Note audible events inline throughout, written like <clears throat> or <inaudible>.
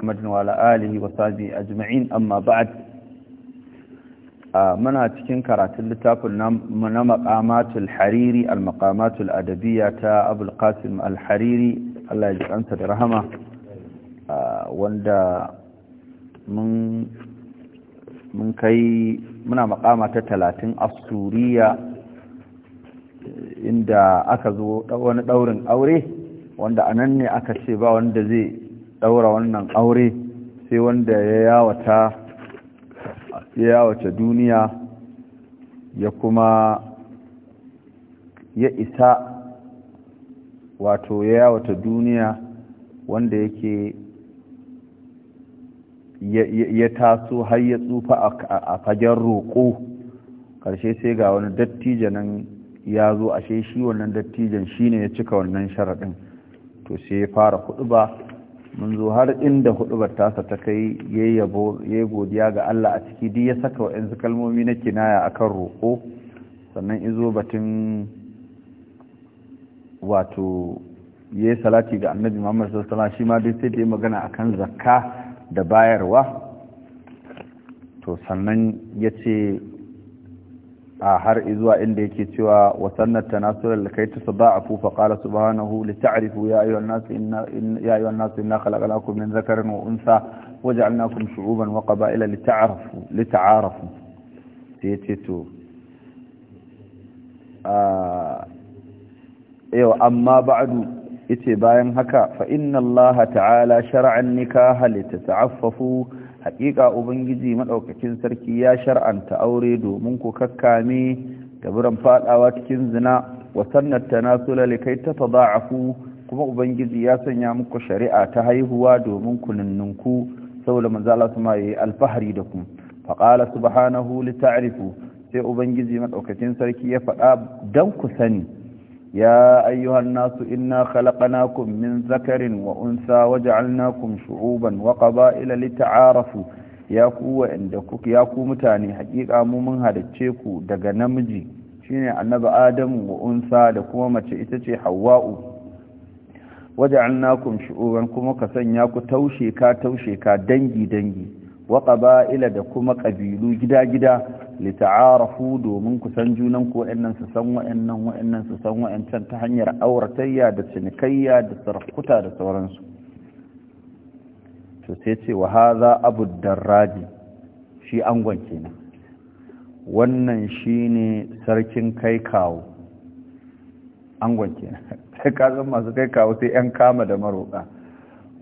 محمد وعلى آله وصحبه أجمعين أما بعد منا تكين كرات اللتاف من مقامات الحريري المقامات الأدبية تا أبو القاسم الحريري الله يجب أنت برحمه واندا من من كي makama ta تلاتين asturiya inda aka zo wani daurin aure wanda a nan ne aka ce ba wanda zai daura wannan aure sai wanda ya yawata ya yawata duniya ya kuma ya isa wato ya yawata duniya wanda yake ya taso har ya tsufa a fagen roƙo ƙarshe sai ga wani dattijo nan ya zo ashe shi wannan dattijan shine ya cika wannan sharaɗin to sai ya fara kuɗi ba mun zo har inda hudubar tasa ta kai ya yi godiya ga Allah a ciki duk ya saka wa 'yanzu kalmomi na kinaya kan roƙo sannan izo batun wato ya yi salati ga annabi muhammad sassana shi ma duk sai da ya magana kan zakka da bayarwa to sannan ya ce a har izuwa inda yake cewa wa sannat tanasur lakai tasadaafu fa qala subhanahu li ta'rifu ya ayyuhan nas inna ya ayyuhan nas inna khalaqnakum min dhakarin wa untha wa ja'alnakum shu'uban wa qaba'ila li ta'rafu li ta'arafu yace to a yau amma ba'du yace bayan haka fa inna allaha ta'ala shar'a an-nikaha li tata'affafu haƙiƙa ubangiji maɗaukakin sarki ya shar'anta aure domin ku kakkame gaburan faɗawa cikin zina wa sannan tanasula likai ta tada'afu kuma ubangiji ya sanya muku shari'a ta haihuwa domin ku nunnunku saboda manzo Allah kuma yayi alfahari da ku qala subhanahu li ta'rifu sai ubangiji maɗaukakin sarki ya faɗa dan ku sani يا أيها الناس إنا خلقناكم من ذكر وأنثى وجعلناكم شعوبا وقبائل لتعارفوا يا قوة عندكم يا قوة متاني حقيقة مومن هذا تشيكو دقا نمجي شيني أنب آدم وأنثى لكم ما تشيتشي حواء وجعلناكم شعوبا كما كسن ياكو توشيكا توشيكا دنجي دنجي wa qaba'ila da kuma ƙabilu gida-gida li domin ku san junan ku wa'annan su san wa'annan wa'annan su san wa'ancan ta hanyar auratayya da cinikayya da sarkuta da sauransu to sai ce wa hadha abu darraji shi angon kenan wannan shine sarkin kai kawo angon kenan <laughs> sai ka masu kai kawo sai yan kama da maroka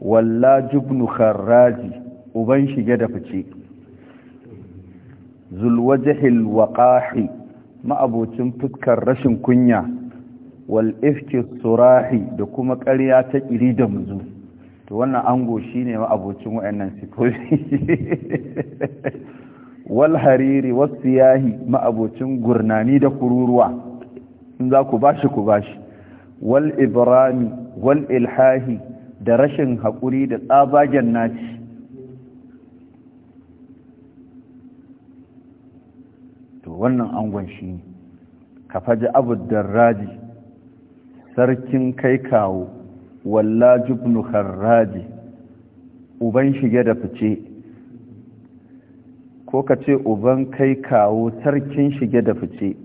walla jubnu kharraji uban shige da fice zulwajahil waqahi ma'abucin fuskar rashin kunya wal ifki surahi da kuma ƙarya ta ƙiri da muzu to wannan ango shine ma'abocin wayannan sifofi <laughs> wal hariri was siyahi ma'abocin gurnani da kururuwa in za ku bashi ku bashi wal ibrami wal ilhahi da rashin haƙuri da tsabagen naci to wannan angon shi ne ka faji raji sarkin kai kawo walla ibn kharraji uban shige da fice ko ka ce uban kai kawo sarkin shige da fice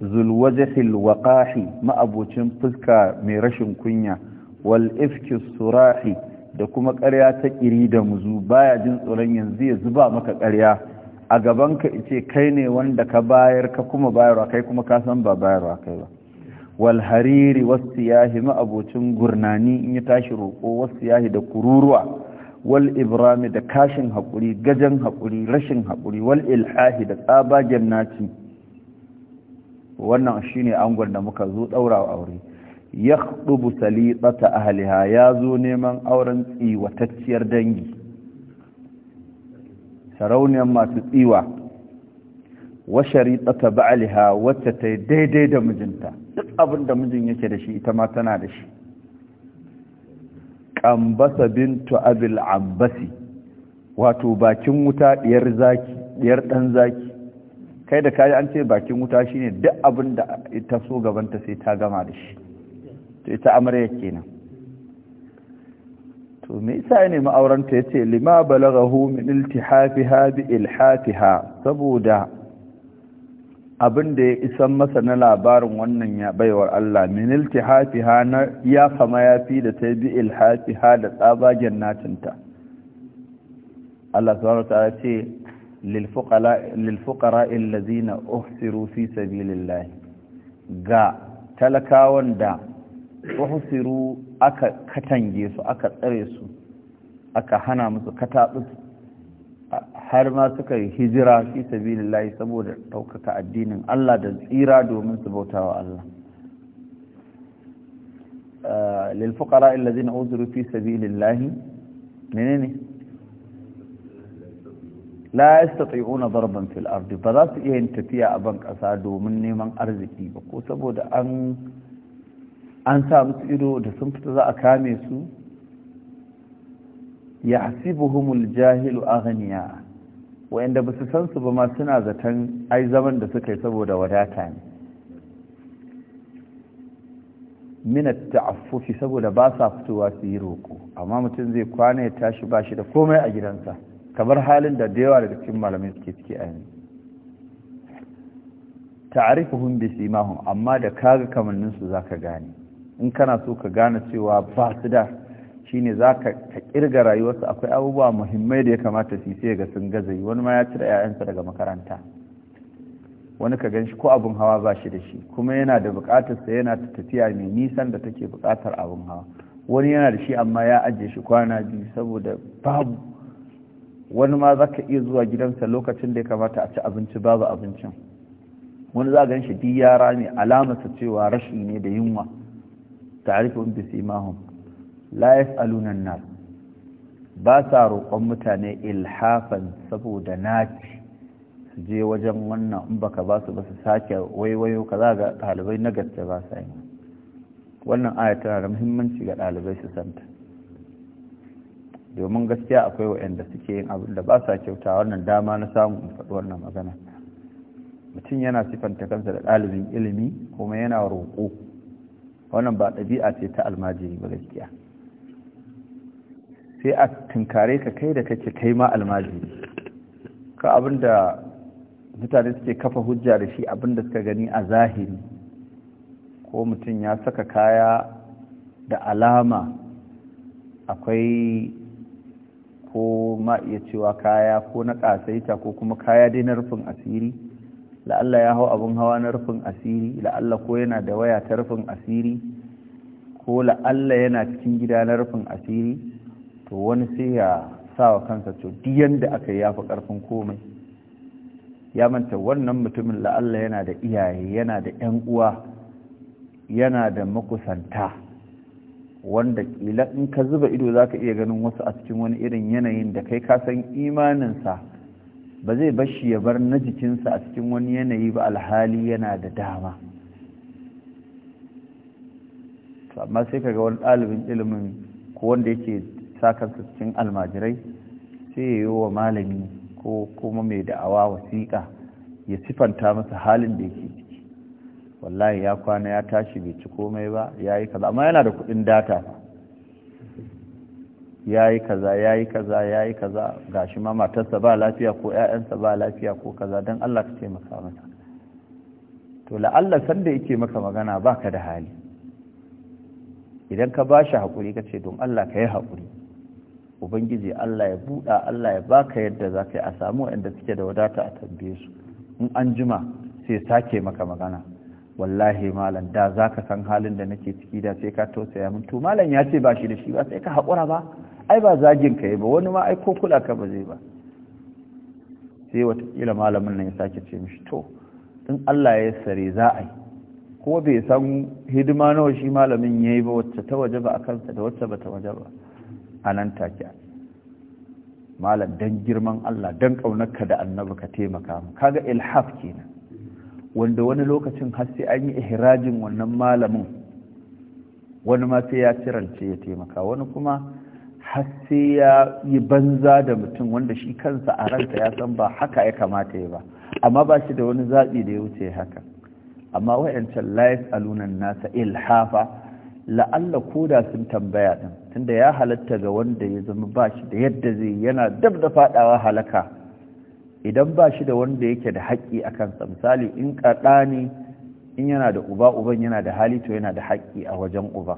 zulwajahil waƙahi ma'abocin fuska mai rashin kunya wal ifki surahi da kuma ƙarya ta ƙiri da muzu baya jin tsoron yanzu ya zuba maka ƙarya a gabanka ice kai ne wanda ka bayar ka kuma bayarwa kai kuma ka san ba bayarwa kai ba wal hariri wasu yahi ma'abocin gurnani in ya tashi roƙo wasu yahi da kururuwa wal ibrami da kashin haƙuri gajen haƙuri rashin haƙuri wal ilhahi da tsabagen naci wannan shine angon da muka zo ɗaura aure ya ɗubu ta ahaliha ya zo neman auren tsiwatacciyar dangi sarauniyar masu tsiwa wa ta ba'aliha wacce ta yi daidai da mijinta duk abin da mijin yake da shi ita ma tana da shi ƙambasa bintu abil ambasi wato bakin wuta ɗiyar zaki ɗiyar ɗan zaki kai da kayi an ce bakin wuta shine duk abin da ita so gabanta sai ta gama da shi to ita amarya kenan to me yasa ya nemi yace lima balaghahu min iltihafiha bi ilhatiha saboda abinda ya isan masa na labarin wannan ya baiwar Allah min ha na ya fama fi da ta bi ha da tsabagen natinta Allah subhanahu wa ta'ala ce lil fuqara allazina uhsiru fi sabilillah ga talakawan da uhusiru aka katange su aka tsare su aka hana musu kataɓus har ma suka yi hijira fi sabilillahi saboda ɗaukaka addinin Allah da tsira domin su bauta Allah ah, lil fuqara allazina uziru fi sabilillahi menene la yastati'una darban fil ardi ba za su iya yin tafiya a ban ƙasa domin neman arziki ba ko saboda an an sa musu ido da sun fita za a kame su ya hasibuhumul jahilu aghniya wa'anda ba su san su ba ma suna zaton ai zaman da suka yi saboda wadata ne minat ta'affufi saboda ba sa fitowa su yi roƙo amma mutum zai kwana ya tashi ba shi da komai a gidansa kamar halin da da yawa daga cikin malamai suke ciki a yanzu ta'arifuhum bi simahum amma da kaga kamannin su zaka gane in kana so ka gane cewa ba su da shine za ka kirga rayuwarsu akwai abubuwa muhimmai da ya kamata su sai ga sun gaza yi wani ma ya cire 'ya'yansa daga makaranta wani ka gan shi ko abin hawa ba shi da shi kuma yana da bukatarsa yana ta tafiya mai nisan da take bukatar abin hawa wani yana da shi amma ya ajiye shi kwana biyu saboda babu wani ma za ka iya zuwa gidansa lokacin da ya kamata a ci abinci babu abincin wani za a gan shi duk yara ne alamarsa cewa rashi ne da yunwa ta'rifun bi simahum la yas'aluna an-nas ba sa roƙon mutane ilhafan saboda naci su je wajen wannan in baka ba su ba su sake waiwayo ka za ga ɗalibai na gaske ba sa yi wannan aya tana da muhimmanci ga ɗalibai su santa domin gaskiya akwai waɗanda suke yin abin da ba sa kyauta wannan dama na samu in faɗi wannan magana mutum yana sifanta kansa da ɗalibin ilimi kuma yana roƙo wannan ba ɗabi'a ce ta almajiri ba gaskiya sai a tunkare ka kai da kake kai ma almajiri ka abinda mutane suke kafa hujja da shi abin da suka gani a zahiri ko mutum ya saka kaya da alama akwai ko ma iya cewa kaya ko na ƙasaita ko kuma kaya dai na rufin asiri la'alla ya hau abin hawa na rufin asiri la'alla ko yana da waya ta rufin asiri ko la'alla yana cikin gida na rufin asiri to wani sai ya sa wa kansa to diyan da aka yi ya fi ƙarfin komai ya manta wannan mutumin la'alla yana da iyaye yana da 'yan uwa yana da makusanta wanda ƙila in ka zuba ido za ka iya ganin wasu a cikin wani irin yanayin da kai ka san imaninsa ba zai bashi ya bar na jikinsa a cikin wani yanayi ba alhali yana da dama amma sai kaga wani ɗalibin ilimin ko wanda yake sakansa cikin almajirai sai ya yi wa malami ko kuma mai da'awa wasiƙa ya sifanta masa halin da yake ciki wallahi ya kwana ya tashi bai ci komai ba ya yi kaza amma yana da kuɗin data ya yi kaza ya yi kaza ya yi kaza ga shi ma matarsa ba lafiya ko ‘ya'yansa ba lafiya ko kaza don Allah ka taimaka mata to la'alla sanda yake maka magana ba ka da hali idan ka ba shi haƙuri ka ce don Allah ka yi haƙuri ubangiji Allah ya buɗa Allah ya baka yadda za ka yi a samu inda suke da wadata a tambaye su in an jima sai sake maka magana wallahi malam da za ka san halin da nake ciki da sai ka tausaya min to malam ya ce ba shi da shi ba sai ka haƙura ba ai ba zagin ka yi ba wani ma ai ko kula ka ba zai ba sai watakila malamin nan ya sake ce mishi to in Allah ya sare za a yi ko bai san hidima nawa shi malamin ya yi ba wacce ta waje ba a kansa da wacce ba ta waje ba a nan take malam don girman Allah don kaunarka da annabi ka taimaka mu kaga ilhaf kenan wanda wani lokacin har sai an yi ihrajin wannan malamin wani ma sai ya cirance ya taimaka wani kuma har sai ya yi banza da mutum wanda shi kansa a ranka ya san ba haka ya kamata ya ba amma ba shi da wani zaɓi da ya wuce haka amma wayancan a alunan nasa ilhafa la'alla ko da sun tambaya ɗin tunda ya halatta ga wanda ya zama ba shi da yadda zai yana dab da faɗawa halaka idan ba shi da wanda yake da haƙƙi a kansa misali in ƙaɗa ne in yana da uba uban yana da hali to yana da haƙƙi a wajen uba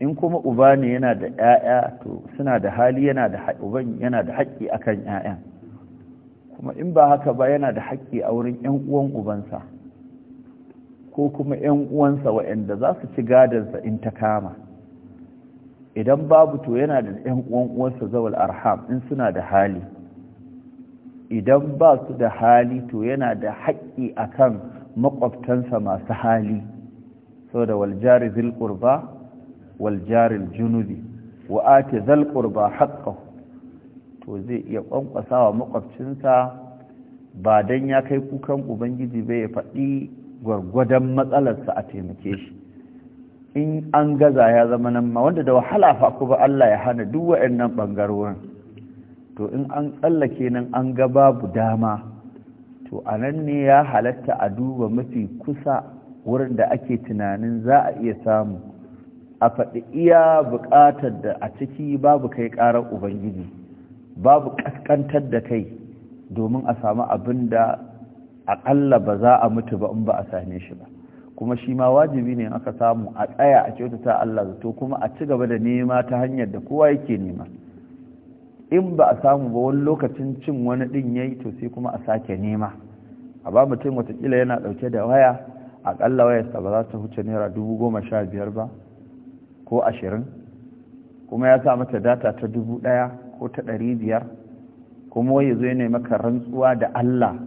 in kuma uba ne yana da 'ya'ya to suna da hali yana da uban yana da haƙƙi akan 'ya'yan kuma in ba haka ba yana da haƙƙi a wurin 'yan uwan ubansa ko kuma 'yan uwansa waɗanda za su ci gadansa in ta kama idan babu to yana da 'yan uwan uwansa zawal arham in suna da hali idan ba su da hali to yana da haƙƙi akan maƙwabtansa masu hali saboda waljari zil wal jaril junubi wa ati zal to zai iya kwankwasawa makwabcinsa ba dan ya kai kukan ubangiji bai ya faɗi gwargwadon matsalarsa a taimake shi in an gaza ya zama nan ma wanda da wahala fa ku ba Allah ya hana duk waɗannan bangarorin to in an tsallake nan an ga babu dama to anan ne ya halatta a duba mafi kusa wurin da ake tunanin za a iya samu a faɗi iya buƙatar da a ciki babu kai ƙarar ubangiji babu ƙasƙantar da kai domin a samu abin da aƙalla ba za a mutu ba in ba a same shi ba kuma shi ma wajibi ne aka samu a tsaya a kyautata Allah zato kuma a ci gaba da nema ta hanyar da kowa yake nema in ba a samu ba wani lokacin cin wani ɗin ya yi to sai kuma a sake nema a ba mutum watakila yana ɗauke da waya aƙalla wayarsa ba za ta huce naira dubu goma sha biyar ba ko ashirin kuma ya sa mata data ta dubu ɗaya ko ta ɗari biyar kuma ya zo ya maka rantsuwa da Allah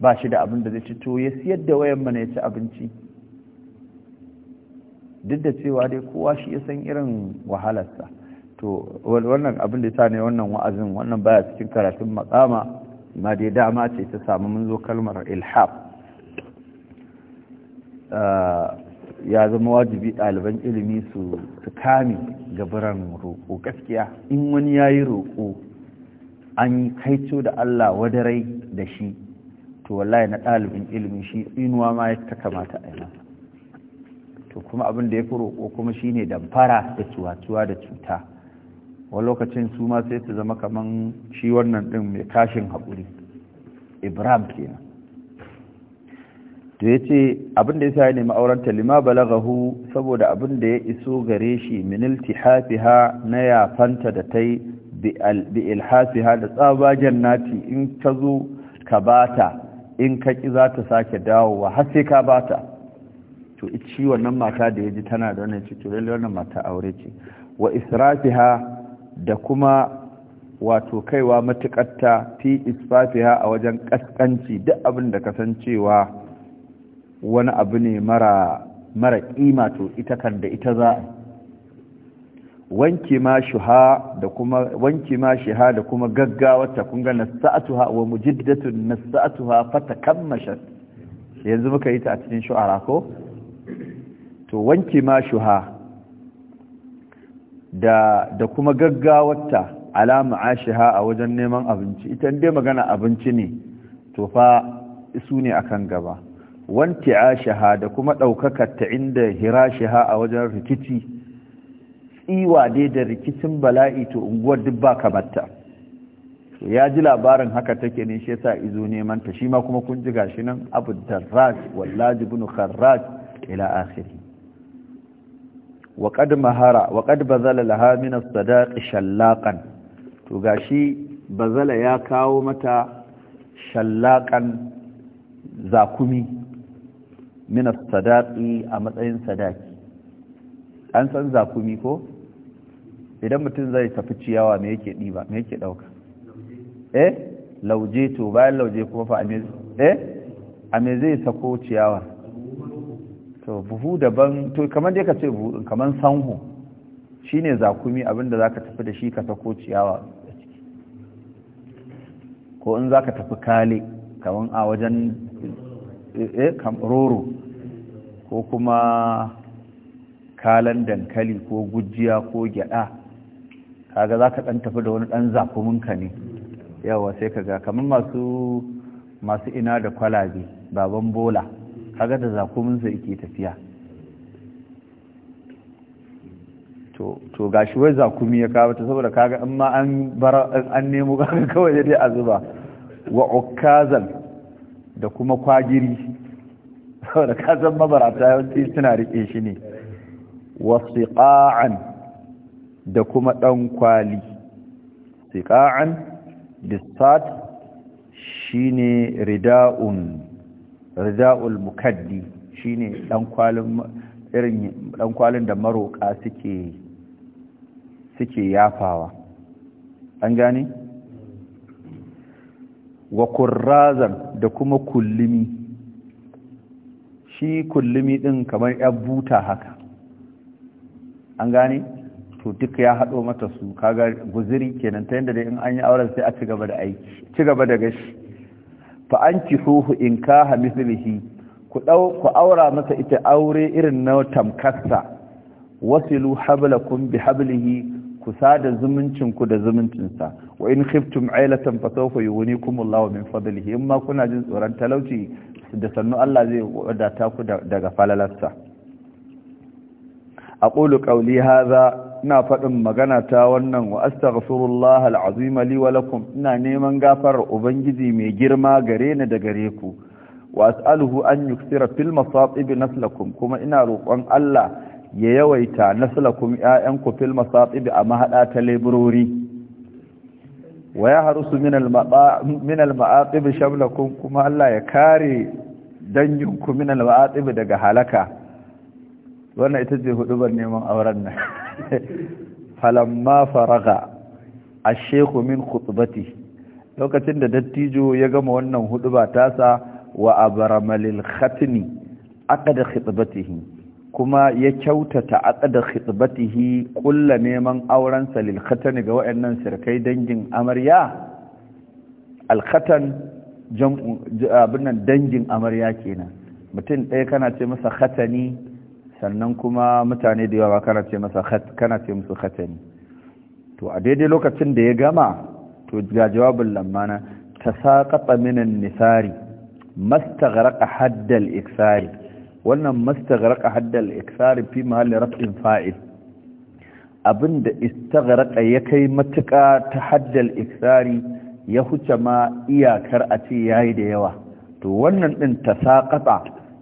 ba shi da abin da zai ci to ya siyar da wayan mana ya ci abinci duk da cewa dai kowa shi ya san irin wahalarsa to wannan abin da ta ne wannan wa'azin wannan baya cikin karatun makama ma dai dama ce ta samu mun zo kalmar ilhab ah, ya zama wajibi ɗaliban ilimi su kame gabaran roƙo gaskiya in wani ya yi roƙo an kaito da Allah wadarai da shi to wallahi na ɗalibin ilimi shi inuwa ma ya ta kamata a yana to kuma abin da ya fi roƙo kuma shi ne damfara da cuwa da cuta wani lokacin su ma sai su zama kaman shi wannan ɗin mai tashin haƙuri ibrahim kenan to ya ce abinda ya sa ya nemi aurenta lima balagahu saboda abin da ya iso gare shi minilti hafiha na yafanta da ta yi bi ilhafiha da tsabagen nati in ka zo ka bata in ka ki za ta sake dawowa har sai ka bata to ci wannan mata da ya ji tana da wannan ciki wannan mata aure ce wa israfiha da kuma wato kaiwa matukatta fi isfafiha a wajen kaskanci duk abin da kasancewa wani abu ne mara ƙima to ita kan da ita za wanki ma shuha da kuma wanki ma shiha da kuma gaggawarta kun ga nasa'atuha wa mujiddatun yanzu muka yi ta a cikin shu'ara ko to wanki ma shuha da da kuma gaggawarta alama ashiha a wajen neman abinci ita dai magana abinci ne to fa su ne akan gaba wanti shaha da kuma ɗaukakar ta inda hira shaha a wajen rikici tsiwa dai da rikicin bala'i to unguwar duk ba ta, ya ji labarin haka take ne shi yasa izo neman ta shi ma kuma kun ji gashi nan Abu Darraj wallahi ibn Kharraj ila akhirih wa qad mahara wa qad bazala laha min as-sadaq shallaqan to gashi bazala ya kawo mata shallaqan zakumi min sadaqi a matsayin sadaki an san zakumi ko idan mutum zai tafi ciyawa me yake diba me yake dauka eh lauje to bayan lauje kuma fa ame eh ame zai sako ciyawa to buhu daban to kaman dai ka ce buhu kaman sanhu shine zakumi abinda zaka tafi da shi ka sako ciyawa ko in zaka tafi kale kaman a wajen Eh, roro ko kuma kalan dankali ko gujiya ko gyada kaga za ka ɗan tafi da wani ɗan zakuminka ne yawa sai kaga ga kamar masu masu ina da kwalabe baban bola kaga da zakuminsa yake tafiya to gashi wai zakumi ya kawo ta saboda kaga in ma an nemo <laughs> kaga kawai dai a zuba wa ukazan da kuma kwagiri saboda kasan mabarata yawanci suna riƙe shi ne wasu da kuma ɗan kwali siƙa'an distat shi ne rida'un rida'ul mukaddi shi ne ɗan kwalin da maroƙa suke yafawa an gane? wa kurrazan da kuma kullumi shi kullumi din kamar 'yar buta haka an gane to duk ya haɗo mata su kaga guziri kenan ta yadda dai in an yi auren sai a ci gaba da aiki ci da gashi fa an ci huhu in kaha mislihi ku dau ku aura masa ita aure irin na tamkassa wasilu hablakum bi hablihi ku sada zumuncin ku da zumuncinsa wa in khiftum ailatan fa sawfa yughnikum Allahu min fadlihi amma kuna jin tsoron talauci da sannu Allah zai wadata ku daga falalarsa aqulu qawli hadha ina faɗin magana ta wannan wa astaghfirullah alazim li wa lakum ina neman gafar ubangiji mai girma gare ni da gare ku wa as'aluhu an yuksira fil masatib naslakum kuma ina roƙon Allah ya yawaita na naslakum ƴaƴanku fil masatib a mahaɗa ta leburori wa ya harusu min al min al ma'atib kuma Allah ya kare danginku min al ma'atib daga halaka wannan ita ce huɗubar neman auren nan <laughs> falamma faraga ash-shaykhu min khutbatihi lokacin da dattijo ya gama wannan huduba tasa wa abramalil aka da khitbatihi kuma ya kyautata atsada khitbatihi kulla neman auren salil khatan ga wayannan sirkai dangin amarya al khatan jam'u nan dangin amarya kenan mutum ɗaya kana ce masa khatani sannan kuma mutane da yawa kana ce masa khat kana ce musu khatani to a daidai lokacin da ya gama to ga jawabin lamana tasaqata minan nisari mastaghraqa haddal iksari wannan mastagraka haddal iksari fi mahalli raf'in fa'il abinda istagraka ya kai matuka ta haddal iksari ya huce ma iyakar a ce yayi da yawa to wannan din tasaqata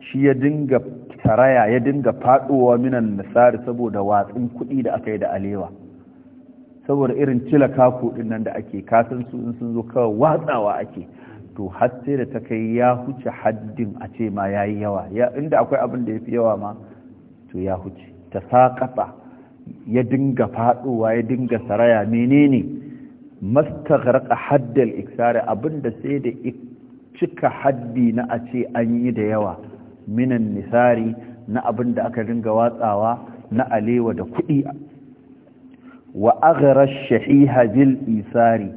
shi ya dinga saraya ya dinga faduwa minan nasari saboda watsin kuɗi da aka yi da alewa saboda irin cila kaku nan da ake kasan su in sun zo kawai watsawa ake to har sai da ta kai ya huce haddin a ce ma ya yi yawa inda akwai abin da ya fi yawa ma to ya huce ta saƙaɓa ya dinga faɗowa ya dinga saraya menene mastagharqa haddal iksari abinda sai da cika haddi na a ce an yi da yawa minan nisari na abinda aka dinga watsawa na alewa da kuɗi wa aghara shahiha bil isari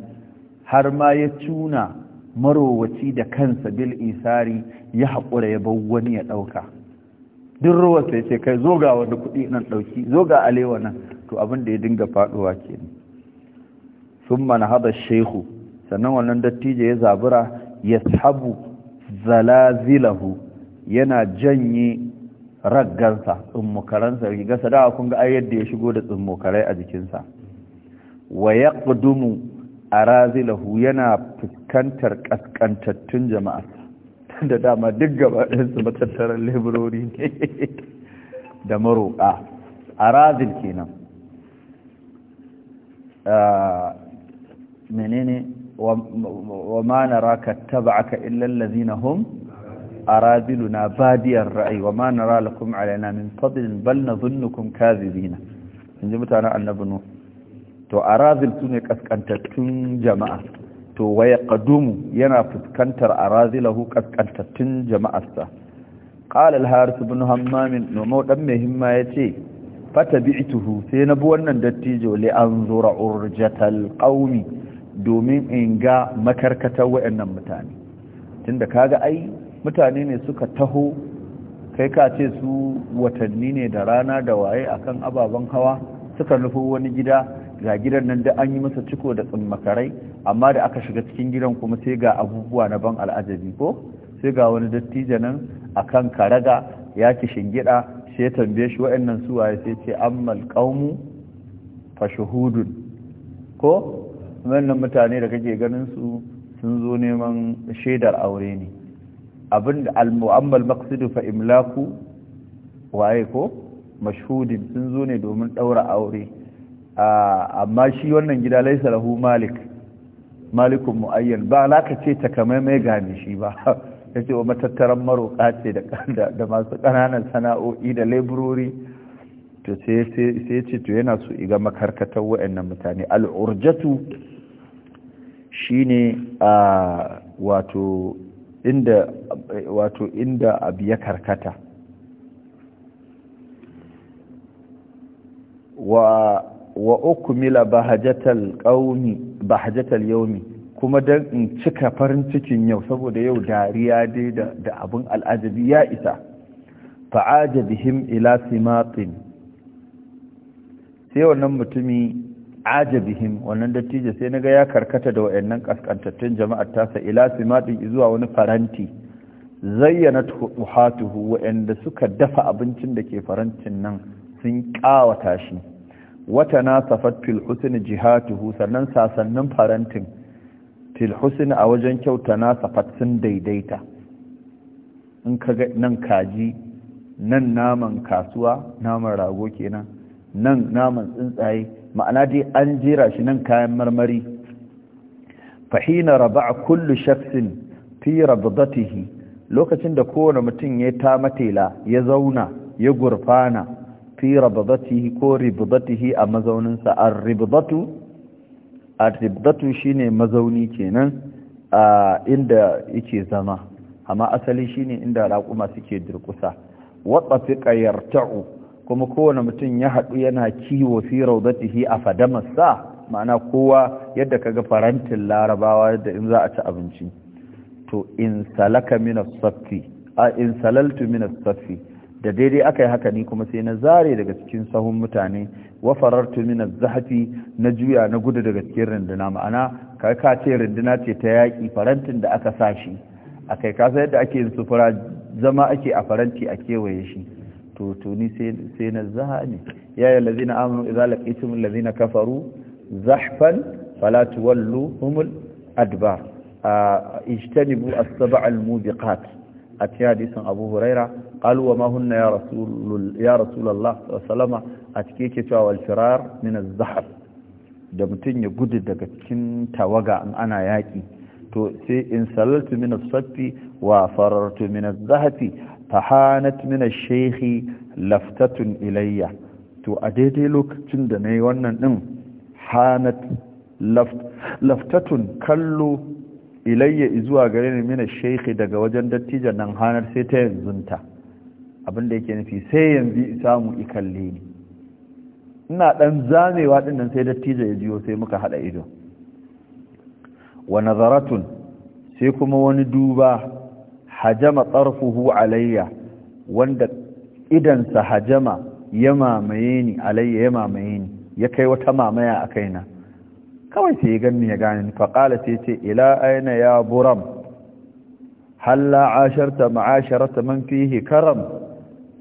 har ma ya tuna marowaci da kansa bil isari ya haƙura ya bau wani ya ɗauka duk ruwarsa ya ce kai zo ga wani kuɗi nan ɗauki zo ga alewa nan to abin da ya dinga faɗowa ke ne sun mana haɗa shehu sannan wannan dattijo ya zabura ya sabu zalazilahu yana janye raggansa tsummokaransa rigarsa da kun ga ayyadda yadda ya shigo da tsummokarai a jikinsa wa ya a razilahu yana fuskantar kaskantattun jama'a da dama duk gabaɗinsu matattarar laborori ne da maroƙa a razil kenan ah, menene wa ma ka taba'aka illallazi na hum a raziluna badiyar ra'ayi wa ma nara lakum alaina min fadlin bal na zunnukun zina, in ji mutanen annabinu to arazil su ne kaskantattun jama'a to waya kadumu yana fuskantar arazilahu kaskantattun jama'arsa qala al-harith ibn hammam mahimma mai himma yace ituhu sai na bi wannan dattijo an zura urjatal qaumi domin in ga makarkatar wayannan mutane tunda kaga ai mutane ne suka taho kai ka ce su watanni ne da rana da waye akan ababen hawa suka nufi wani gida ga gidan nan da an yi masa ciko da tsummakarai amma da aka shiga cikin gidan kuma sai ga abubuwa na ban al'ajabi ko sai ga wani dattijo nan akan karaga ya ci shingida sai tambaye shi waɗannan waye sai ce ammal qaumu fa shuhudun ko wannan mutane da kake ganin su sun zo neman shaidar aure ne abin al-mu'ammal maqsidu fa imlaku waye ko mashhudin sun zo ne domin daura aure Ah, amma shi wannan gida laisa lahu malik malikun mu'ayyan ba alaka ce ta takamaimai gani shi ba <laughs> ya ce wa matattaran maroka ce da masu ƙananan sana'o'i da laburori to sai ce to yana su iga makarkatar wa'annan mutane al'urjatu shi ne wato inda abu ya karkata wa ukumila bahajatal qaumi bahajatal yawmi kuma dan in cika farin cikin yau saboda yau dariya dai da abin al'ajabi ya isa fa'aja bihim ila simatin sai wannan mutumi ajabihim wannan dattijo sai naga ya karkata da wayannan kaskantattun jama'ar tasa ila simatin zuwa wani faranti zayyanat tuhu wayanda suka dafa abincin da ke farantin nan sun kawata shi wata na safar filhusin jihatuhu sannan sasannin farantin filhusin a wajen kyauta na safar sun daidaita in ka nan kaji nan naman kasuwa naman rago kenan nan naman tsuntsaye ma'ana dai an jera shi nan kayan marmari fahina raba a kullu shafsin fi rabdatihi lokacin da kowane mutum ya ta matela ya zauna ya gurfana fi rababatihi ko ribabatihi a mazauninsa ar-ribabatu ar-ribabatu shine mazauni kenan a inda yake zama amma asali shine inda raƙuma suke durƙusa wattafiqa yarta'u kuma kowane mutum ya haɗu yana kiwo fi raudatihi a fadamarsa ma'ana kowa yadda kaga farantin larabawa yadda in za a ci abinci to in salaka min as a in salaltu min as da daidai aka yi haka ni kuma sai na zare daga cikin sahun mutane wa farartu min az-zahfi na juya na gudu daga cikin runduna ma'ana kai ka ce runduna ce ta yaki farantin da aka sashi akai ka san yadda ake sufura zama ake a faranti a kewaye shi to to ni sai na zahani ya ya allazina amanu idza laqitum allazina kafaru zahfan fala tuwalluhum adbar ijtanibu as-sab'a al-mubiqat a cikin hadisin Abu Huraira qalu wa ma hunna ya rasul ya a cike yake cewa a firar min da mutum ya gudu daga cikin tawaga in ana yaki to sai in salatu min as wa farartu min az-zahafi fahanat min ash laftatun ilayya to a daidai lokacin da nayi wannan din hanat laftatun kallo ilayya zuwa gare ni mina shekhi daga wajen dattijan nan hanar sai ta yanzunta abin da yake nufi sai yanzu samu ikalle ni ina dan zamewa din nan sai dattijo ya jiyo sai muka hada ido wa nazaratun sai kuma wani duba hajama tsarfuhu alayya wanda sa hajama ya mamaye ni alayya ya mamaye ni ya kai wata mamaya a kaina kawai sai ya ganni ya gane qala sai ce ila aina ya buram halla asharta ma'asharata man fihi karam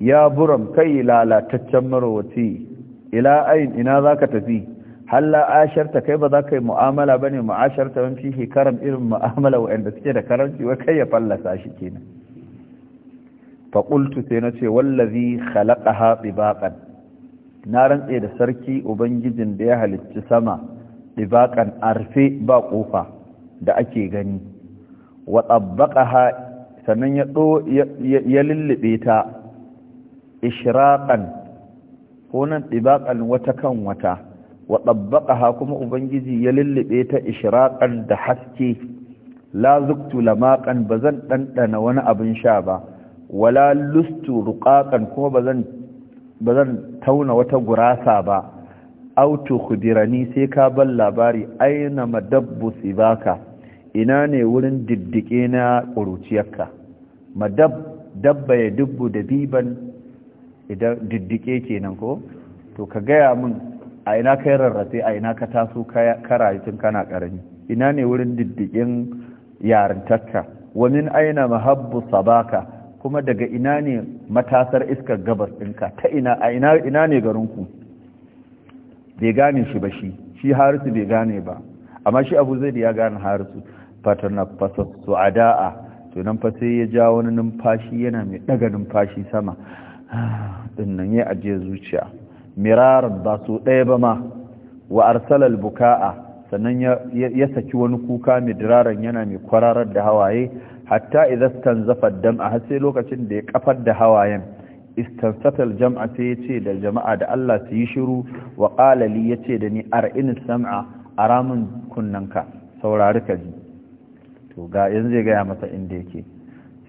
ya buram kai lalataccen marowaci ila ayin ina za ka tafi halla asharta kai ba za ka yi mu'amala ba ne ma'asharta wani shi karam irin mu'amala wa'anda suke da karamci wa kai ya fallasa shi kenan faƙultu sai na ce wallazi khalaqa ha baƙan. na rantse da sarki ubangijin da ya halicci sama ɗibaƙan arfe ba ƙofa da ake gani wa ha sannan ya ya ta ishraqan ko nan tibaqan wata kan wata wa dabbaqaha kuma ubangiji ya lullube ta ishraqan da haske la lamaƙan ba bazan ɗanɗana wani abin sha ba wala lustu ruƙaƙan kuma ba bazan tauna wata gurasa ba ku khudirani sai ka ban labari aina madabbu sibaka ina ne wurin diddike na ƙuruciyarka madab dabba ya dubbu da biban idan diddike kenan ko to ka gaya min a ina ka yi rarrafe a ina ka taso karaye tun kana karami ina ne wurin diddikin yarintarka wamin aina mahabbu sabaka kuma daga ina ne matasar iskar gabas ɗinka ta ina a ina ina ne garinku bai gane shi ba shi shi harisu bai gane ba amma shi abu zai ya gane harisu fatana fasa su'ada'a to nan fa sai ya ja wani numfashi yana mai daga numfashi sama nan ya ajiye zuciya miraran ba su ɗaya ba ma wa arsalal buka'a sannan ya saki wani kuka midiraran yana mai kwararar da hawaye hatta idastan zafar dam har sai lokacin da ya kafar da hawayen istansatal jama'a sai ya ce da jama'a da Allah su yi shiru wa ƙalali ya ce da ni ar'in sam'a a ramin kunnanka saurari ka ji to ga yanzu zai gaya masa inda yake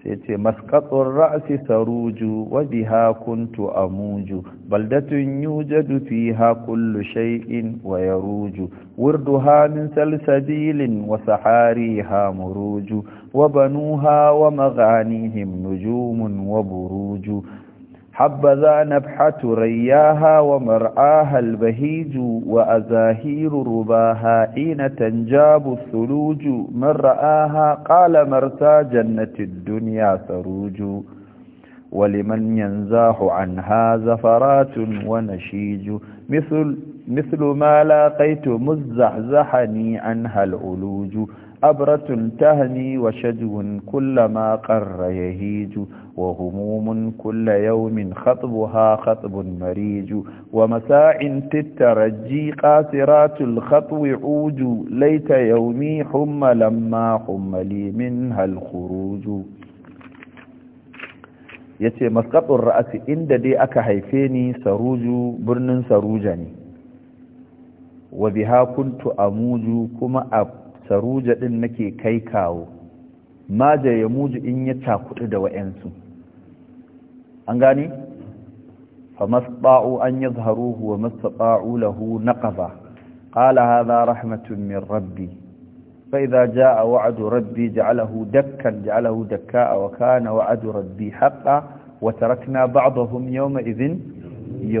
sai ce maskatsun ra'asi saruju wa biha kuntu amuju baldatun yujadu fiha kullu shay'in wa yaruju wurduha min salsabilin wa sahariha muruju wa banuha wa maghanihim nujumun wa buruju حبذا نبحة رياها ومرآها البهيج وأزاهير رباها حين تنجاب الثلوج من رآها قال مرتا جنة الدنيا ثروج ولمن ينزاح عنها زفرات ونشيج مثل, مثل ما لاقيت مزحزحني عنها العلوج أبرة تهني وشجو كلما قر يهيج وهموم كل يوم خطبها خطب مريج ومساع في الترجي قاثرات الخطو عوج ليت يومي حم لما حم لي منها الخروج yace maskatun ra'asi inda dai aka haife ni saruju birnin saruja ne wa biha kuntu amuju kuma a saruja din nake kai kawo maja ya muji in ya cakuɗi da wa'yansu an gani famasba'u an zaharuhu wa masba'u lahu naqaba qala hadha rahmatun min rabbi fa ja a wa'adu rabbi ja'alahu dakkan ja'alahu dakkaa a wakana wa'adu rabbi haqqan wa tarakna ba'dahum yawma idhin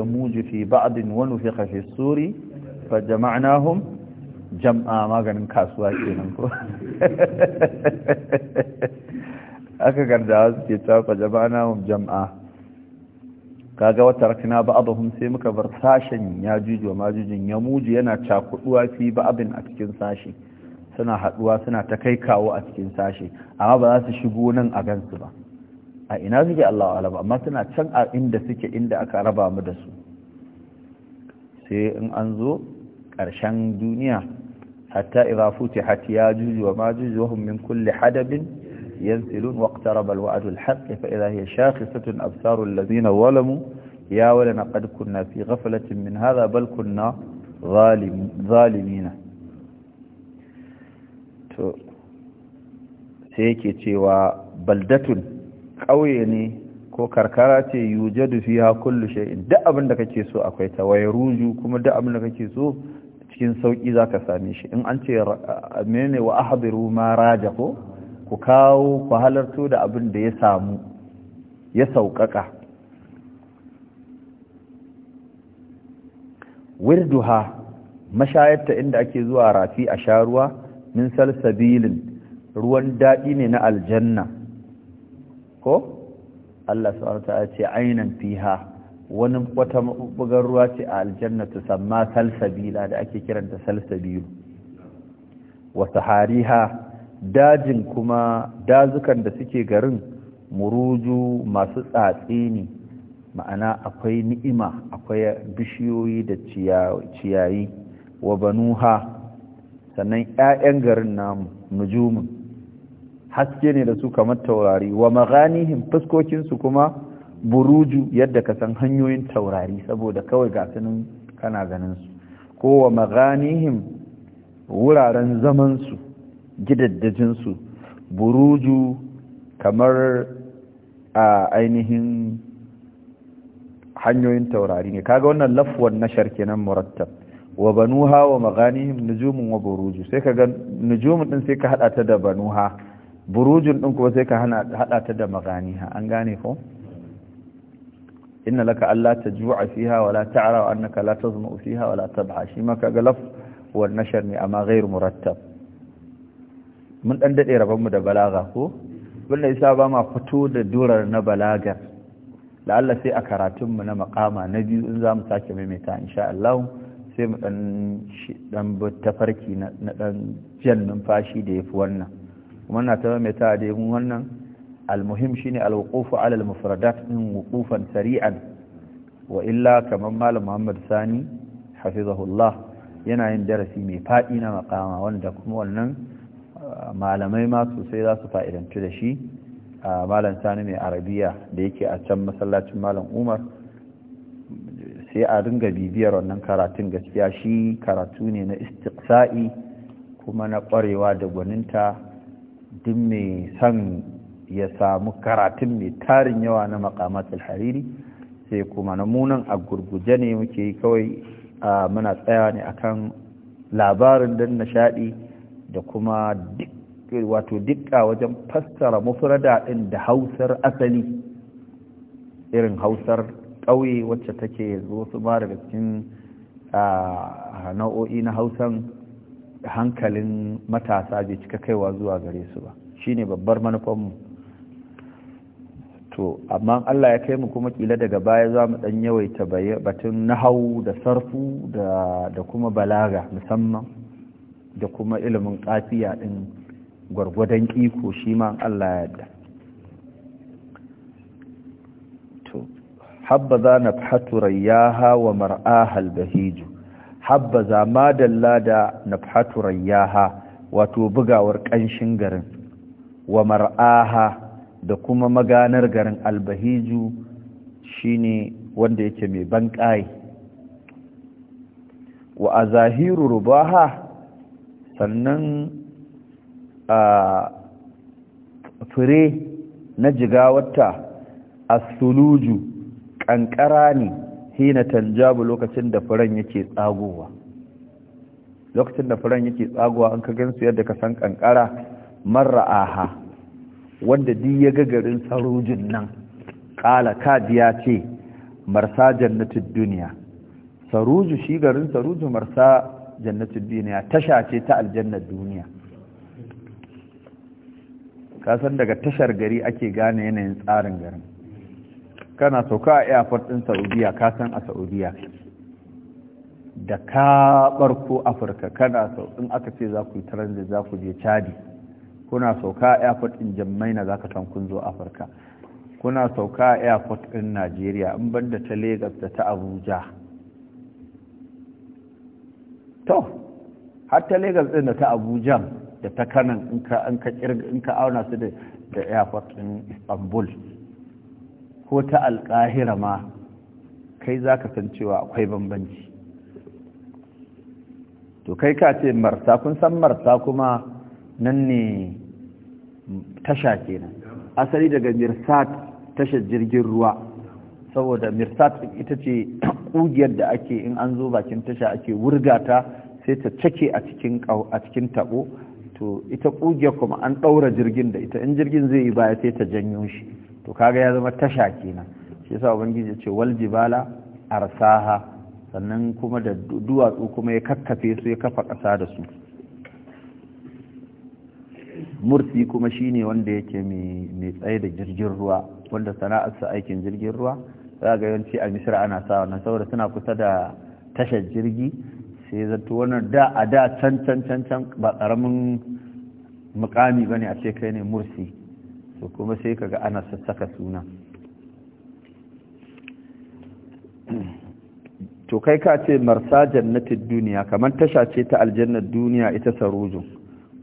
muji fi ba'd wa nufikha fi suri fa jama'nahum jam'a maganin kasuwa kenan ko <laughs> aka gardawa ke tafa jama'ana hum jam'a kaga wata rakina ba'dhum sai muka bar sashen ya yajuju ya muji yana cakuduwa fi abin a cikin sashi suna haduwa suna ta kai kawo a cikin sashi amma ba za su shigo nan a gansu ba a ina suke Allah alaba amma suna can a inda suke inda aka raba mu da su sai in an zo ƙarshen duniya hatta idza ya yajuj wa majuj wa hum min kulli hadabin yansilun waqtaraba wa'adul alhaq fa idza hiya shakhisatun absaru alladhina walamu ya walana qad kunna fi ghaflatin min hadha bal kunna zalimina to sai yake cewa baldatun ƙauye ne ko karkara ce yujadu fiha kullu shay'in duk abin da kake so akwai ta wayruju kuma duk abin da kake so cikin sauƙi za ka same shi in an ce mene wa ahadiru ma raja ko ku kawo ku halarto da abin da ya samu ya sauƙaƙa wirduha mashayarta inda ake zuwa rafi a sha ruwa min salsabilin ruwan daɗi ne na aljanna ko Allah sa wata ce ainan fiha wani wata bugar ruwa ce a aljanna ta samma salsabila da ake kiranta salsabilu wata hariha dajin kuma dazukan da suke garin muruju masu tsatsi ne ma'ana akwai ni'ima akwai bishiyoyi da ciyayi wa banuha sannan 'ya'yan garin namu nujumin haske ne da su kamar taurari wa maganihin fuskokinsu kuma buruju yadda ka san hanyoyin taurari saboda kawai ga sunan kana ganin su ko wa maganihim wuraren zaman su gidaddajin su buruju kamar a ainihin hanyoyin taurari ne kaga wannan lafwan nashar kenan murattab wa banuha wa maganihim nujumun wa buruju sai nujumun din sai ka hada ta da banuha burujun din kuma sai ka hada ta da maganiha an gane ko inna laka alla tajua fiha wala ta'ra wa annaka la tazmu fiha wala tabha shi ma kaga laf wal nashr ne amma ghairu murattab mun dan dade raban mu da balaga ko wanda yasa ba ma fito da durar na balaga la'alla sai a karatun mu na makama na biyu in zamu sake maimaita insha Allah sai mu dan dan tafarki na dan jan numfashi da yafi wannan kuma na ta maimaita da mun wannan almuhim shine alwuqufu alal almufradat din wuqufan sari'an wa illa kaman malam Muhammad Sani hafizahullah yana yin darasi mai faɗi na makama wanda kuma wannan malamai ma sosai za su fa'idantu da shi malam Sani mai arabiya da yake a can masallacin malam Umar sai a ringa bibiyar wannan karatun gaskiya shi karatu ne na istiqsa'i kuma na ƙwarewa da gwaninta duk mai san ya samu karatun mai tarin yawa na makamatul hariri sai kuma namunan a gurguje ne muke yi kawai muna tsaya ne akan labarin don nishaɗi da kuma wato dukka wajen fassara mafurada ɗin da hausar asali irin hausar ƙauye wacce take wasu ma daga cikin nau'o'i na hausan hankalin matasa bai cika kaiwa zuwa gare su ba shine babbar mu. to amma Allah ya kai mu kuma kila daga baya za mu dan yawaita batun nahau da sarfu da kuma balaga musamman da kuma ilimin kafiya din gwargwadon kiko shi ma Allah ya yarda to habbaza nafhatu rayyaha wa mar'aha albahij habbaza madalla da nafhatu rayyaha wato bugawar kanshin garin wa mar'aha da kuma maganar garin albahiju shine wanda yake mai banƙaye wa a zahiru rubaha sannan a fure na jigawarta a suluju ƙanƙara ne hina tanjabu lokacin da furen yake tsagowa lokacin da furen yake tsagowa an ka gansu yadda ka san ƙanƙara marra'aha wanda duk ya ga garin sarojin nan kala kadiya ce marsa jannatin duniya saruju shi garin saruju marsa jannatin duniya tasha ce ta aljannar duniya kasan daga tashar gari ake gane yanayin tsarin garin kana sauka a airport din saudiya kasan a saudiya da ka barko afirka kana sau in aka ce za ku yi transit za ku je chadi kuna sauka a airport ɗin jammaina za ka kun zo afirka kuna sauka a airport in najeriya in banda ta lagos da ta abuja to har ta lagos din da ta abuja da ta kanan in ka auna su da airport ɗin istanbul ko ta alkahira ma kai za ka san cewa akwai bambanci to kai ka ce marsa kun san marsa kuma nan ne tasha kenan asali daga mirsat tashar jirgin ruwa saboda mirsat ita ce <clears throat> kugiyar da ake in an zo bakin tasha ake wurgata sai ta cake a cikin a cikin tabo to ita kugiyar kuma an daura jirgin da ita in jirgin zai yi baya sai ta janyo shi to kaga ya zama tasha kenan shi yasa ubangiji ce wal jibala arsaha sannan kuma da duwatsu kuma ya kakkafe su ya kafa ƙasa da su mursi kuma shine wanda yake mai tsaye da jirgin ruwa wanda sana'arsa aikin jirgin ruwa za ga yawanci a misira ana sa wannan saboda suna kusa da tashar jirgi sai zato wannan da a da can can can can ba karamin mukami bane a ce kai ne mursi to kuma sai kaga ana sassaka suna to kai ka ce marsa jannatin duniya kamar tasha ce ta aljannar duniya ita sarujin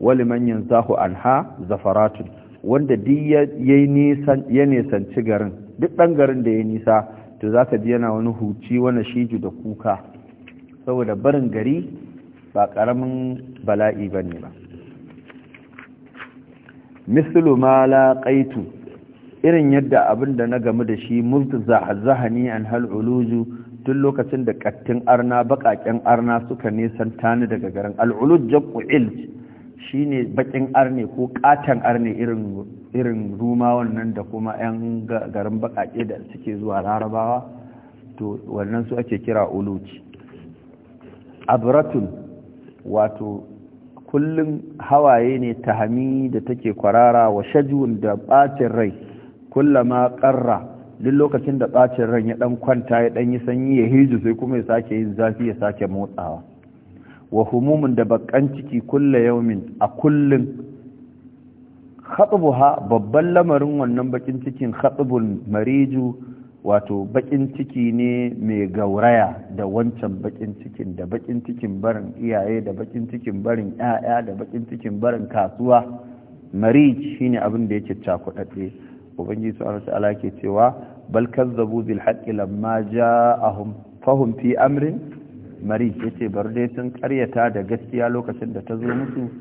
wali manyan zahu ha zafaratun wanda duk ya nisanci garin duk ɗan garin da ya nisa to za ka ji yana wani huci wani shiju da kuka saboda barin gari ba ƙaramin bala'i ba ne ba mislu ma laƙaitu irin yadda abin da na gamu da shi zahani an hal'uluju tun lokacin da kattin arna baƙaƙen arna suka nisan tani daga garin al'ulujjan ƙu'il Shi ne bakin arne ko katon arne irin ruma wannan da kuma 'yan garin bakake da suke zuwa larabawa to wannan su ake kira uluci abratun wato kullum hawaye ne ta hami da take kwarara wa shajun da ɓacin rai kullama ƙarra duk lokacin da ɓacin rai ya ɗan kwanta ya ɗan yi sanyi ya hiji, sai kuma ya sake yin zafi ya sake motsawa wa humumun da bakan ciki kulle yaumin a kullun khatbuha babban lamarin wannan bakin cikin khatbul mariju wato bakin ciki ne mai gauraya da wancan bakin cikin da bakin cikin barin iyaye da bakin cikin barin 'ya'ya da bakin cikin barin kasuwa marij shine abin da yake cakudadde ubangiji subhanahu wataala ke cewa bal kazzabu bil haqqi lamma ja'ahum fahum fi amrin marij ya ce bar dai sun karyata da gaskiya lokacin da ta zo musu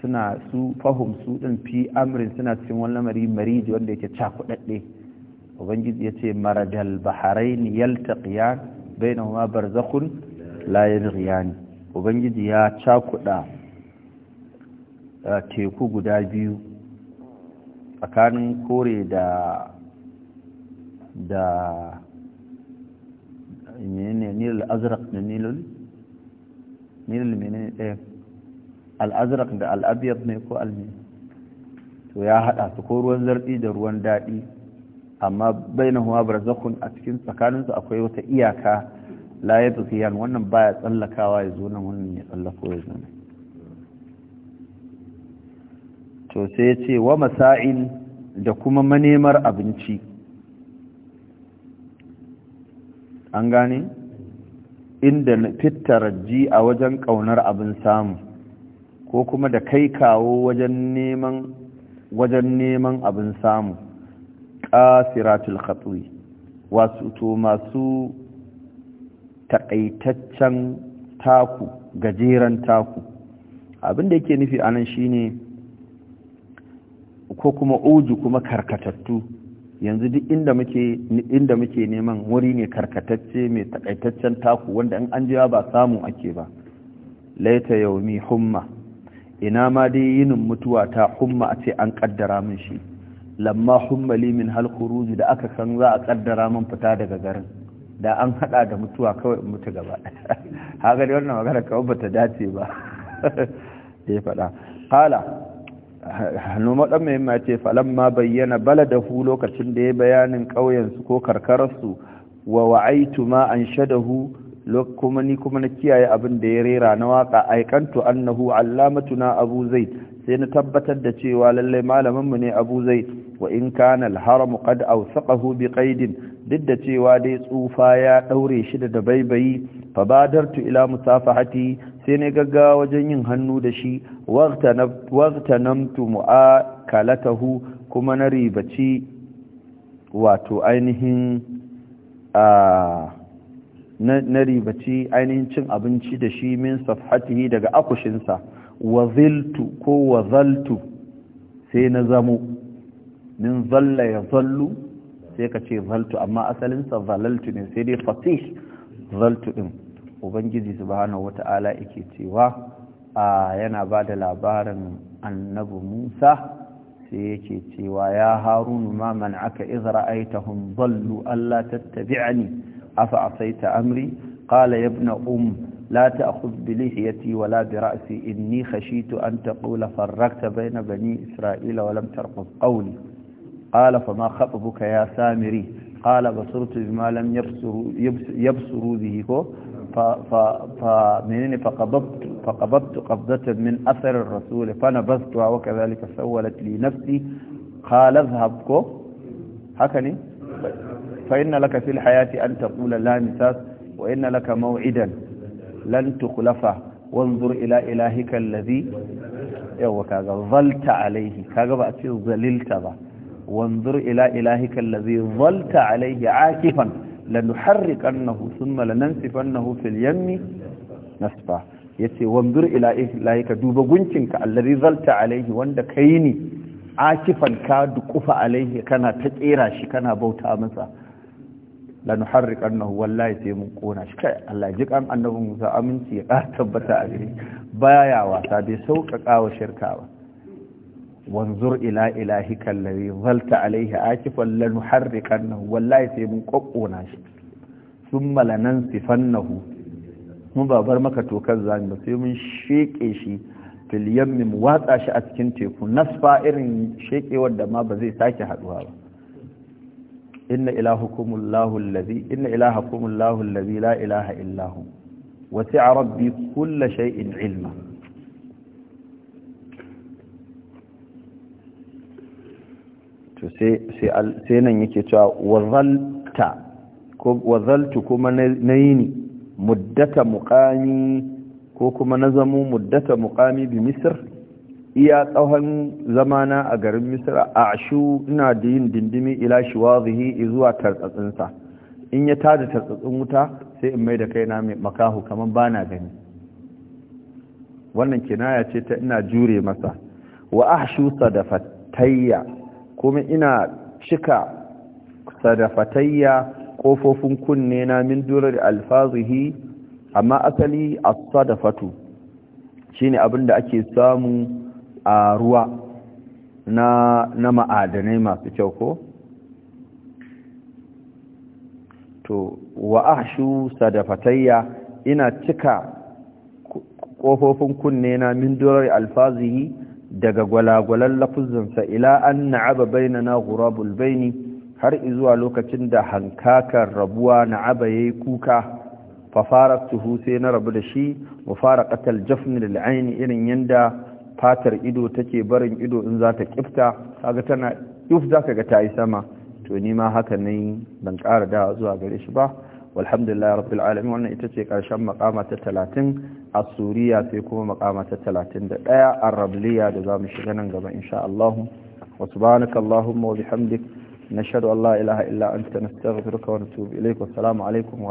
suna su fahim su din fi amrin suna cikin wani lamari marij wanda yake cakuɗaɗɗe ubangiji ya ce bai baharain yaltaqiyan bainahuma barzakhun la riyani ubangiji ya cakuɗa eh, teku guda biyu tsakanin kore da da menene nilul azraq da nilul nilul menene al-azraq da al-abyad ne ko almi to ya hada su ko ruwan zardi da ruwan dadi amma bai na huwa barzakun a cikin tsakaninsu akwai wata iyaka la ya tafiyan wannan baya tsallakawa ya zo nan wannan ya tsallako ya zo nan to sai ya ce wa masa'in da kuma manemar abinci an gane inda fitar ji a wajen ƙaunar abin samu ko kuma da kai kawo wajen neman abin samu ƙasiratul khatwi wasu to masu taƙaitaccen taku gajeren taku abin da yake nufi anan shine ko kuma uju kuma karkatattu yanzu duk inda muke inda muke neman wuri ne karkatacce mai takaitaccen taku wanda in an jiya ba samu ake ba laita yaumi humma ina ma dai yinin mutuwa ta humma a ce an kaddara min shi lamma humma li min hal khuruji da aka san za a kaddara min fita daga garin da an hada da mutuwa kawai in mutu gaba haka <laughs> dai wannan magana kawai bata dace ba <laughs> da ya faɗa qala hannu ɗan mai ce falon ma bayyana baladahu lokacin da ya bayanin ƙauyensu ko karkararsu wa wa'aitu ma an shadahu kuma ni kuma na kiyaye abin da ya rera na waƙa aikantu annahu allamatuna abu zai. sai na tabbatar da cewa lallai malaminmu ne abu zai wa in kana alharam qad awsaqahu bi qaidin duk da cewa dai tsufa ya daure shi da dabaibayi fa badartu ila musafahati sai ne gagga wajen yin hannu da shi waqtanamtu mu'akalatahu kuma na ribaci wato ainihin a na ribaci ainihin cin abinci da shi min safhatihi daga akushinsa waziltu ko wazaltu sai na zamo min zalla ya zallu sai ka ce zaltu amma asalinsa zalaltu ne sai dai fatih zaltu din ubangiji subhanahu wata'ala yake cewa a yana ba da labarin annabi musa sai yake cewa ya harun ma man'aka iz ra'aytahum zallu alla tattabi'ani afa asaita amri qala ya ibna um لا تأخذ بلحيتي ولا برأسي إني خشيت أن تقول فرقت بين بني إسرائيل ولم ترقب قولي قال فما خطبك يا سامري قال بصرت بما لم يبصروا يبصروا به فمنني فقبضت فقبضت قبضة من أثر الرسول فنبذتها وكذلك سولت لي نفسي قال اذهبكو هكني فإن لك في الحياة أن تقول لا مساس وإن لك موعدا lan tukhlafa wanzur ila ilahika allazi yawa kaga zalta alaihi kaga ba a ce zalilta ba wanzur ila ilahika allazi zalta alaihi akifan lanuharriqannahu thumma lanansifannahu fil yammi nasfa yace wanzur ila ilahika duba gunkinka allazi zalta alaihi wanda kai ni akifan ka dukufa alaihi kana ta kera shi kana bauta masa la nuharriqannahu wallahi sai mun kona shi kai Allah ji kan annabi Musa aminci ya ka tabbata a gare baya wasa bai sauƙaƙa wa shirka ba wanzur ila ilahika alladhi zalta alayhi akifan la nuharriqannahu wallahi sai mun kokkona shi thumma lanansifannahu mun mu babar maka tokar zani ba sai mun sheke shi fil mu watsa shi a cikin teku nasfa irin sheƙewar da ma ba zai sake haɗuwa ba inna ilahakumullahu allazi inna ilahakumullahu allazi la ilaha illahu hu wasi'a rabbi kulla shay'in ilma to sai sai nan yake cewa wazalta ko wazaltu kuma nayini muddata muqami ko kuma nazamu muddata muqami bi misr iya tsawon zamana a garin misra a shu ina da yin dindimi ila shiwazihi zuwa tartsatsinsa in ya tada tartsatsin wuta sai in mai da kaina mai makahu kamar bana gani wannan kinaya ce ta ina jure masa wa a shu sadafatayya kuma ina cika sadafatayya kofofin kunne na min durar alfazihi amma asali a sadafatu abin da ake samu a ruwa na, na ma'adanai masu kyau ko to wa ahshu sadafatayya ina cika kofofin kunne na min durar alfazihi daga gwalagwalan sa ila an na'aba na ghurabul baini har zuwa lokacin da hankakar rabuwa na'aba yayi kuka fa faratuhu sai na rabu da shi fara ƙatal jafn da la'ani irin yanda fatar ido take barin ido in za ta kifta kaga tana if za ka ga ta yi sama to ni ma haka ne ban ƙara da zuwa gare shi ba walhamdulillah rabbil alamin wannan ita ce karshen makama ta 30 a suriya sai kuma makama ta 31 a rabliya da za mu shiga nan gaba insha Allah wa subhanaka allahumma wa bihamdik nashhadu an la ilaha illa anta nastaghfiruka wa natubu ilayk wa assalamu alaikum